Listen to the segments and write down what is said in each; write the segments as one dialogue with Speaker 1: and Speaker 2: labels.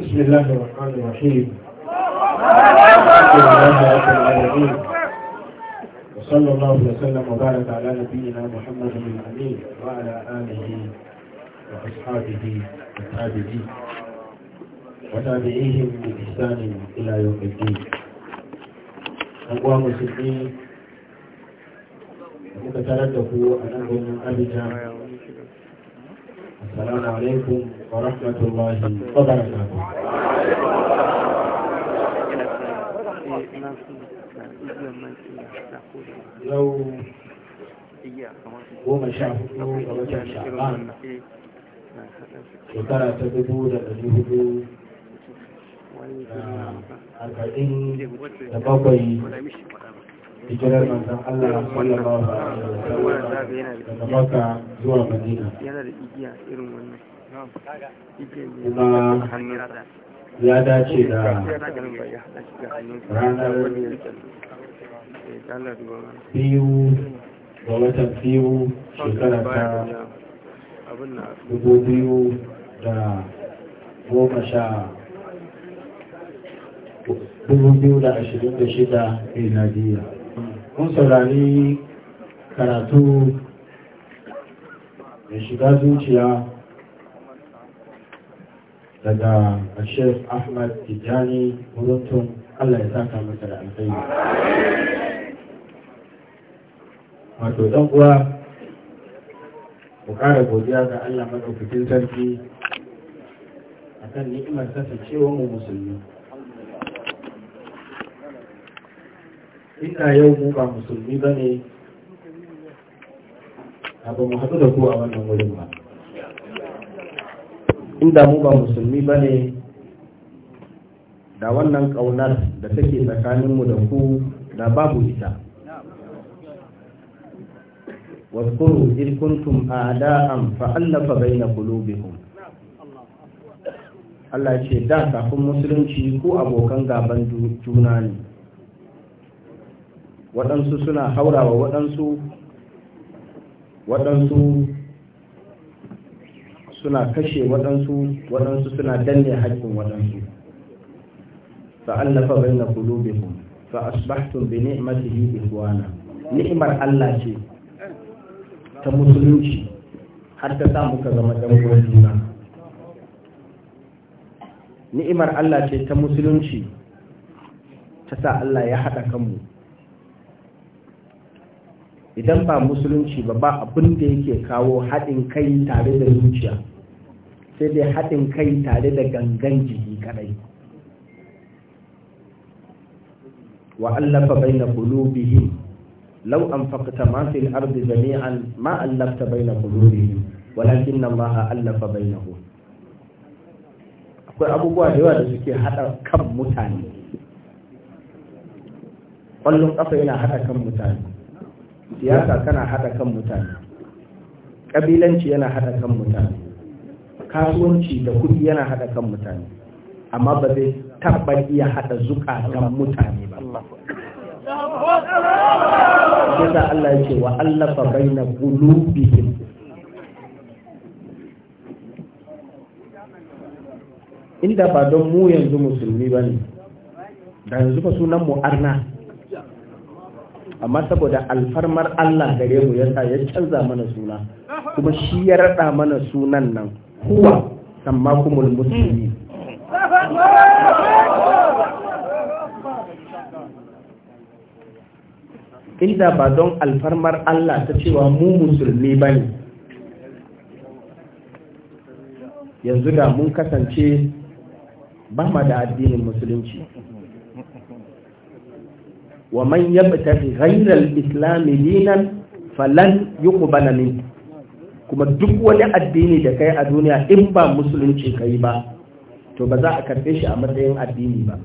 Speaker 1: بسم الله الرحمن الرحيم
Speaker 2: الحمد لله رب العالمين
Speaker 1: وصلى الله وسلم وبارك على نبينا محمد الامين وعلى اله واصحابه والتابعين وتابعيهم باحسان الى يوم الدين اقوام المسلمين ومتردفوا ان ابن ابي جامع السلام عليكم ورحمة الله وبركاته لو goma sha hudu ga watan sha'ban shekara ta dubu da dari hudu arba'in da bakwai
Speaker 2: hijirar manzan Allah sallallahu alaihi wasallam daga maka zuwa Madina
Speaker 1: kuma ya dace da ranar eh, biyu ga watan biyu shekara ta dubu biyu da goma sha dubu biyu da ashirin da shida mun saurari karatu mai shiga zuciya daga ashef ahmad tijjani wurin allah ya saka masa da alfai wato don uwa ku kara godiya ga allah maɗaukakin sarki akan ni'imar sasa cewa mu musulmi Ina yau mu ba musulmi ba ne abu mu haɗu da ku a wannan wurin ba inda mu ba musulmi ba ne
Speaker 3: da wannan ƙaunar da take tsakaninmu da ku da babu ita واذكروا إذ كنتم أعداء bai na قلوبكم Allah ce da kafin musulunci ko abokan gaban juna ne waɗansu suna haurawa waɗansu waɗansu suna kashe waɗansu waɗansu suna danne haƙƙin waɗansu fa'allafa bayna qulubihim fa asbahtum bi ni'matihi ihwana ni'mar Allah ce ta musulunci har ta sa muka zama ɗan uwan juna ni'imar Allah ce ta musulunci ta sa Allah ya haɗa kanmu idan ba musulunci ba ba abin da yake kawo haɗin kai tare da zuciya sai dai haɗin kai tare da gangan jiki kadai wa allafa baina qulubihim law anfaqta ma fil ardi jami'an ma allafta baina qulubihim walakin allaha allafa bainahum akwai abubuwa da yawa da suke hada kan mutane ƙwallon ƙafa yana hada kan mutane siyasa tana haɗa kan mutane ƙabilanci yana haɗa kan mutane kasuwanci da kuɗi yana haɗa kan mutane amma ba zai taɓa iya zuka kan mutane ba yasa Allah ce wa Allah na baina qulubihim inda ba don mu yanzu musulmi bane da yanzu fa sunan mu arna amma saboda alfarmar Allah gare mu yasa ya canza mana suna kuma shi ya rada mana sunan nan huwa sammakumul musulmi inda ba don alfarmar Allah ta cewa mu musulmi ba ne yanzu da mun kasance ba ma da addinin musulunci wa man yabtaghi ghayra al-islam dinan falan yuqbala min kuma duk wani addini da kai a duniya in ba musulunci kai ba to ba za a karbe shi a matsayin addini ba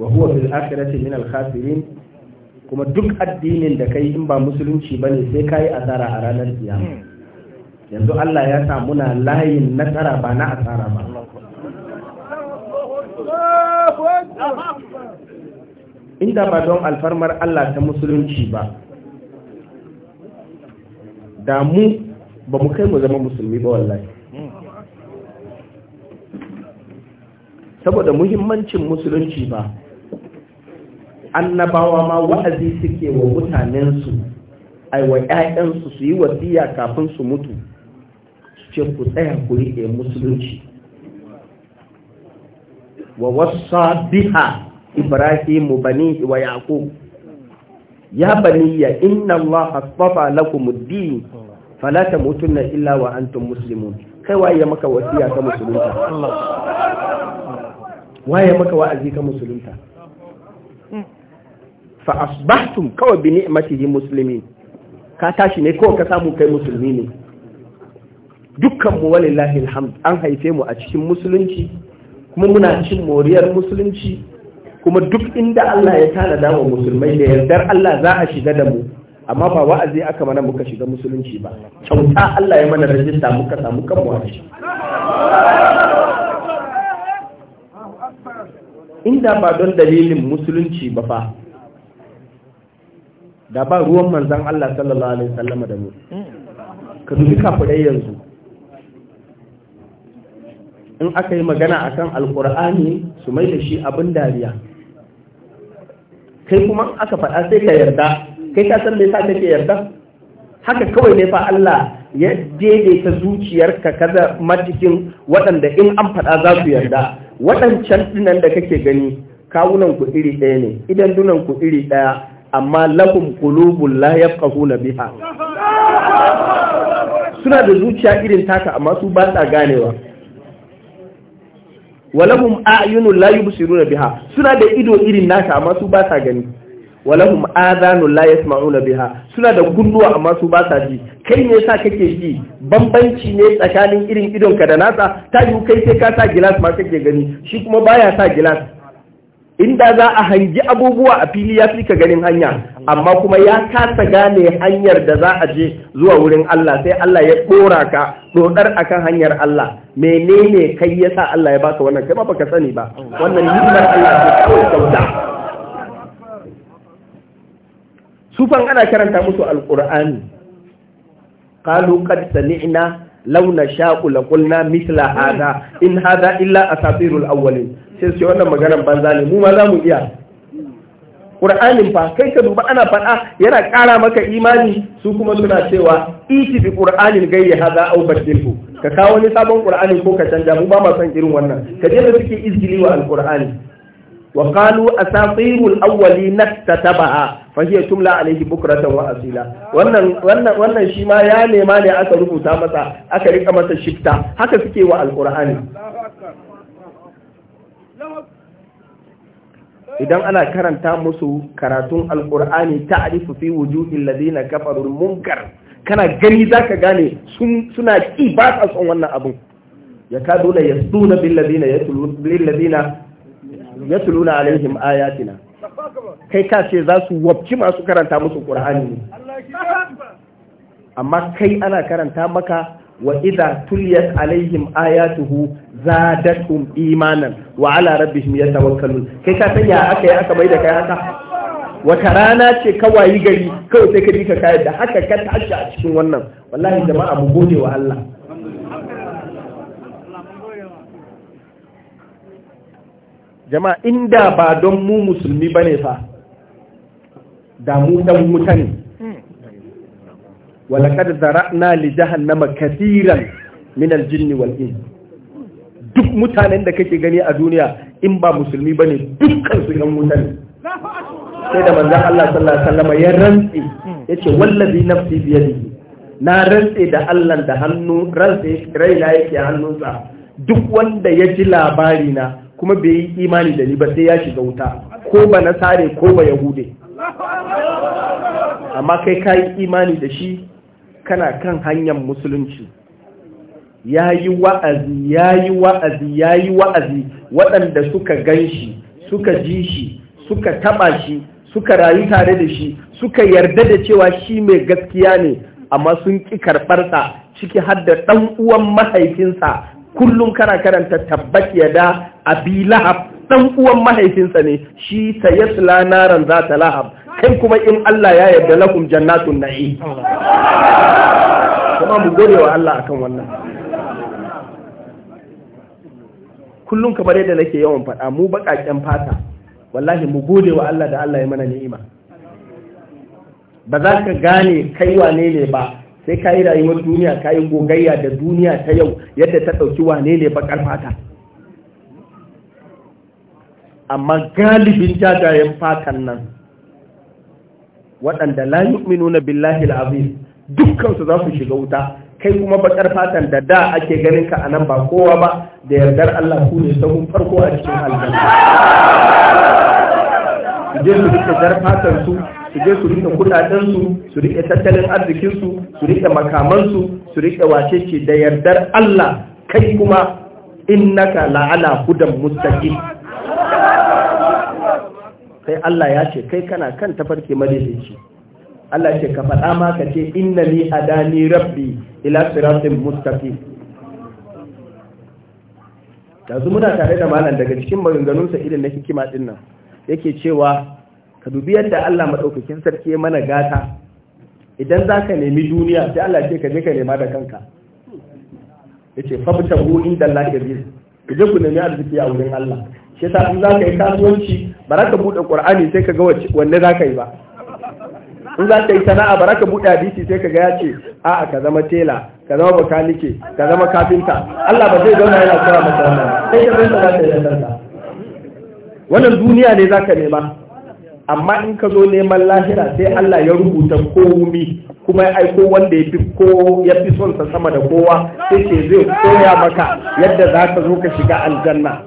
Speaker 3: wa huwa fil akhirati min al khasirin kuma duk addinin da kai in ba musulunci bane sai kai asara a ranar kiyama yanzu Allah ya sa muna layin nasara ba na asara ba inda ba don alfarmar Allah ta musulunci ba da mu ba mu kai mu zama musulmi ba wallahi saboda muhimmancin musulunci ba annabawa ma wa'azi suke wa mutanensu aiwa ‘ya'yansu su yi wasiya kafin su mutu su ce ku tsaya ku riƙe musulunci wa wasa biha ibrahim bani wa yaqub ya ya inna allaha astafa lakum ad-din fala tamutunna illa wa antum muslimun kai waye maka wasiya ka musulunta waye maka wa'azi ka musulunta fa asbahtum kawai bi ni'matihi muslimin ka tashi ne kawai ka samu kai musulmi ne dukkan mu walillahi alhamd an haife mu a cikin musulunci kuma muna cin moriyar musulunci kuma duk inda Allah ya tanada wa musulmai da yardar Allah za a shiga da mu amma ba wa'azi aka mana muka shiga musulunci ba kyauta Allah ya mana rajista muka samu kanmu shi. inda ba don dalilin musulunci ba fa da ba ruwan manzan Allah sallallahu alaihi wasallam da mu ka dubi kafirai yanzu in aka yi magana akan alkur'ani su mai da shi abin dariya kai kuma aka faɗa sai ka yarda kai ka san me yasa kake yarda haka kawai ne fa Allah ya daidaita zuciyarka kaza matikin waɗanda in an faɗa za su yarda waɗancan dinan da kake gani kawunanku iri ɗaya ne idan dunan ku iri ɗaya amma lakum qulubul la yafqahuna biha suna da zuciya irin taka amma su ba sa ganewa walahum ayunu la yubsiruna biha suna da ido irin nasa amma su ba sa gani walahum adanu la yasma'una biha suna da kunnuwa amma su ba sa ji kai ne yasa kake ji bambanci ne tsakanin irin idonka da nasa ta yi kai sai ka sa gilas ma kake gani shi kuma baya sa gilas inda za a hangi abubuwa a fili ya fi ka ganin hanya amma kuma ya kasa gane hanyar da za a je zuwa wurin Allah sai Allah ya ɗora ka dodar akan hanyar Allah menene kai ya sa Allah ya baka wannan kai ba baka sani ba wannan ni'imar Allah ce kawai kyauta sufan ana karanta musu alqur'ani qalu qad sami'na law nasha'u la qulna mithla hadha in hadha illa asatirul awwalin sai su wannan maganar banza ne mu ma za mu iya Qur'anin fa kai ka duba ana faɗa yana ƙara maka imani su kuma suna cewa iti bi Ƙur'anin gayya hada au badilhu ka kawo wani sabon Ƙur'ani ko ka canja mu ba ma son irin wannan ka je da suke izgili wa Alƙur'ani. qurani wa qalu asatirul awwalin nattatabaha fa hiya tumla alayhi bukratan wa asila wannan wannan wannan shi ma ya nema ne aka rubuta masa aka rika masa shifta haka suke wa al idan ana karanta musu karatun alkur'ani ta arifu fi wujuhin ladina kafarun munkar kana gani zaka gane suna ki ba sa son wannan abun ya ka dole ya suna bin ladina ya tuluna alaihim ayatina kai ka ce za su wabci masu karanta musu ƙur'ani ne amma kai ana karanta maka wa idza tuliyat alaihim ayatuhu zadatuhum imanan wa ala rabbihim yatawakkalun kai ka san ya aka yi aka bai da kai haka
Speaker 2: wata rana ce kawai
Speaker 3: gari kawai sai ka ji ka kayar da haka ka tashi a cikin wannan wallahi jama'a mu gode wa Allah jama'a inda ba don mu musulmi bane fa da mu dan mutane walakar zara li jahannama kasiran min aljinni wal in duk mutanen da kake gani a duniya in ba musulmi bane dukkan su yan mutane sai da manzon Allah sallallahu alaihi wasallam ya rantsi yace wallazi nafsi bi yadihi na rantsi da Allah da hannu rantsi raina yake hannunsa duk wanda ya ji labari na kuma bai yi imani da ni ba sai ya shiga wuta ko ba na sare ko ba yahude amma kai ka yi imani da shi kana kan hanyar musulunci ya yi wa'azi ya yi wa'azi ya yi wa'azi waɗanda suka gan shi suka ji shi suka taɓa shi suka rayu tare da shi suka yarda da cewa shi mai gaskiya ne amma sun ƙi karɓarsa ciki har da ɗan uwan mahaifinsa kullum kana karanta tabbat da abi lahab ɗan uwan mahaifinsa ne shi sayasla naran za ta lahab kai kuma in Allah ya yarda lakum jannatun na'i kuma mu gode wa Allah akan wannan kullum kamar yadda nake yawan faɗa mu baƙaƙen fata wallahi mu gode wa Allah da Allah ya mana ni'ima ba za ka gane kai wane ne ba sai ka yi rayuwar duniya ka yi gogayya da duniya ta yau yadda ta ɗauki wane ne baƙar fata amma galibin jajayen fatan nan waɗanda la na billahi al dukkansu za su shiga wuta kai kuma bakar fatan da da ake ganin ka anan ba kowa ba da yardar Allah ku ne sahun farko a cikin aljanna su je su rike jar fatan su su je su rike kudaden su su rike tattalin arzikin su su rike makaman su su rike wacece da yardar Allah kai kuma innaka la'ala hudan mustaqim Sai Allah ya ce kai kana kan tafarki madaidaici Allah ce ka faɗa ma ka ce inna li adani rabbi ila siratin mustaqim yanzu muna tare da malam daga cikin maganganunsa irin na hikima din nan yake cewa ka dubi yadda Allah madaukakin sarki ya mana gata idan za nemi duniya sai Allah ce ka je ka nema da kanka yace fabtahu inda Allah kabir ku je ku nemi arziki a wurin Allah shi yasa in za yi kasuwanci ba za ka buɗe ƙur'ani sai ka ga wanne za ka yi ba
Speaker 2: in za ka yi sana'a ba za ka buɗe
Speaker 3: hadisi sai ka ga ya ce a'a ka zama tela ka zama bakanike ka zama kafinta Allah ba zai zauna yana kira masa wannan sai ka zanta za ka yi kanka wannan duniya ne za ka nema amma in ka zo neman lahira sai Allah ya rubuta komi kuma ya aiko wanda ya fi ko ya fi son sa sama da kowa sai ce zai koya maka yadda za ka zo ka shiga aljanna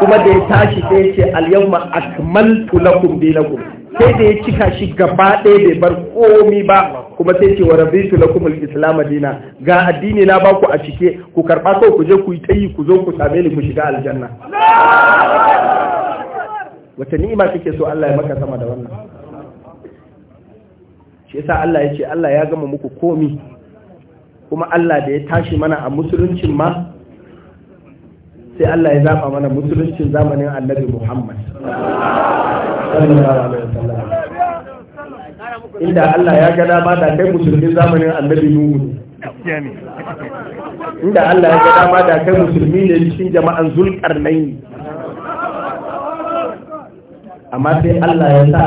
Speaker 2: kuma da ya tashi sai
Speaker 3: al'yamma ce al-yawma akmaltu lakum dinakum sai da ya cika shi gaba ɗaya bai bar komi ba kuma sai ce wa lakum al-islam dina ga addini na baku a cike ku karba sau ku je ku yi tayi ku zo ku same ni ku shiga aljanna wata ni'ima kake so Allah ya maka sama da wannan shi yasa Allah ya ce Allah ya gama muku komi kuma Allah da ya tashi mana a musuluncin ma sai Allah ya zaba mana musuluncin zamanin annabi Muhammad
Speaker 2: inda Allah ya gada ba da kai musulmin zamanin
Speaker 3: annabi Nuhu
Speaker 2: inda Allah ya gada ba da kai musulmi ne
Speaker 3: cikin jama'an zulkarnaini amma sai Allah ya sa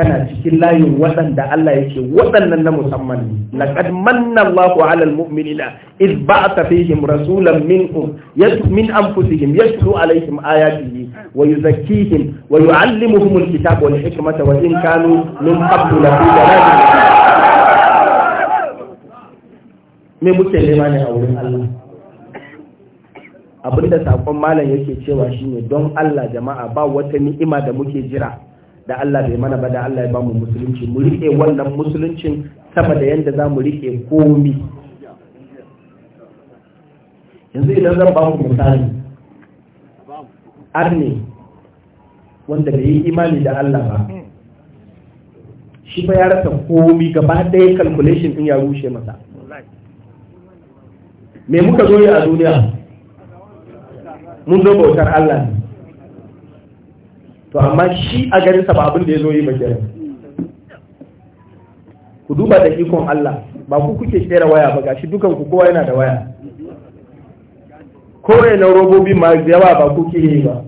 Speaker 3: kana cikin layin waɗanda Allah ya yake waɗannan na musamman ne laqad manna Allahu 'alal mu'minina iz ba'atha fihim rasulan minhum yatlu min anfusihim yatlu 'alayhim ayatihi wa yuzakkihim wa yu'allimuhum al-kitaba wal hikmata wa in kanu min qablu la fi dalalin me muke nema ne a wurin Allah abinda saƙon malam yake cewa shine don Allah jama'a ba wata ni'ima da muke jira da Allah bai mana ba da Allah ya bamu musulunci mu rike wannan musuluncin sama da yanda za mu rike komi yanzu idan zan ba ku misali arne wanda bai yi imani da Allah ba shi fa ya rasa komi gaba ɗaya calculation din ya rushe masa me muka zo yi a duniya mun zo bautar Allah ne to amma shi a garinsa ba abin da ya zo yi ba kenan ku duba da ikon Allah ba ku kuke kera waya ba gashi dukan ku kowa yana da waya kore na robobi ma yawa ba ku ke ba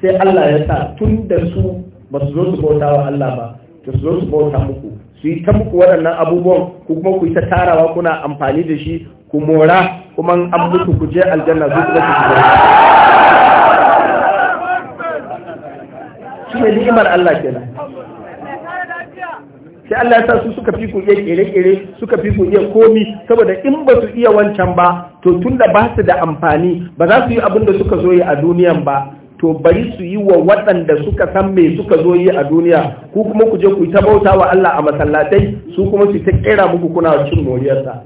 Speaker 3: sai Allah ya sa tun da su ba su zo su bauta wa Allah ba to su zo su bauta muku su yi ta muku waɗannan abubuwan ku kuma ku yi ta tarawa kuna amfani da shi ku mora kuma an mutu ku je aljanna zuwa ku
Speaker 2: shi ne ni'imar Allah kenan
Speaker 3: sai Allah ya sa su suka fi ku iya kere-kere suka fi ku iya komi saboda in ba su iya wancan ba to tunda ba su da amfani ba za su yi abin da suka zo yi a duniyan ba to bari su yi wa waɗanda suka san me suka zo yi a duniya ku kuma ku je ku yi ta bauta wa Allah a masallatai su kuma su ta kera muku kuna cin moriyarsa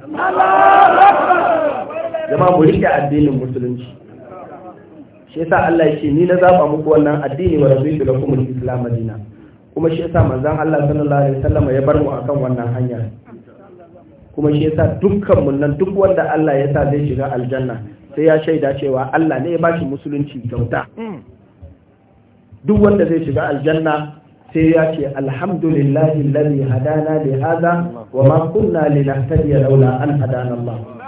Speaker 2: jama'a mu rike addinin
Speaker 3: musulunci shi yasa Allah ya ce ni na zaba muku wannan addini wa rabbi lakum al-islam madina kuma shi yasa manzon Allah sallallahu alaihi wasallam ya bar mu akan wannan hanya kuma shi yasa dukkan mun nan duk wanda Allah ya sa zai shiga aljanna sai ya shaida cewa Allah ne ya ba shi musulunci kyauta duk wanda zai shiga aljanna sai ya ce alhamdulillahi alladhi hadana li hadha wa ma kunna linahtadiya laula an hadana Allah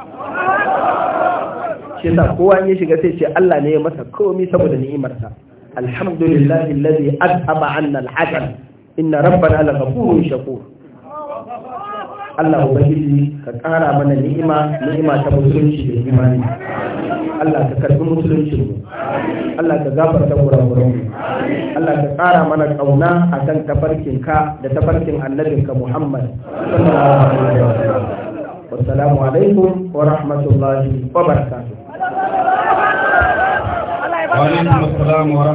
Speaker 3: shi yasa kowa ya shiga sai ce Allah ne ya masa komi saboda ni'imarsa alhamdulillahi alladhi azhaba 'anna al-hajar inna rabbana laghafurun shakur Allah ubangiji ka ƙara mana ni'ima ni'ima ta musulunci da imani Allah ka karbi musulunci mu Allah ka gafarta kurakuran mu Allah ka ƙara mana kauna akan tafarkin ka da tafarkin annabinka Muhammad sallallahu alaihi wasallam wassalamu alaikum wa rahmatullahi wa barakatuh
Speaker 2: وعليكم السلام ورحمة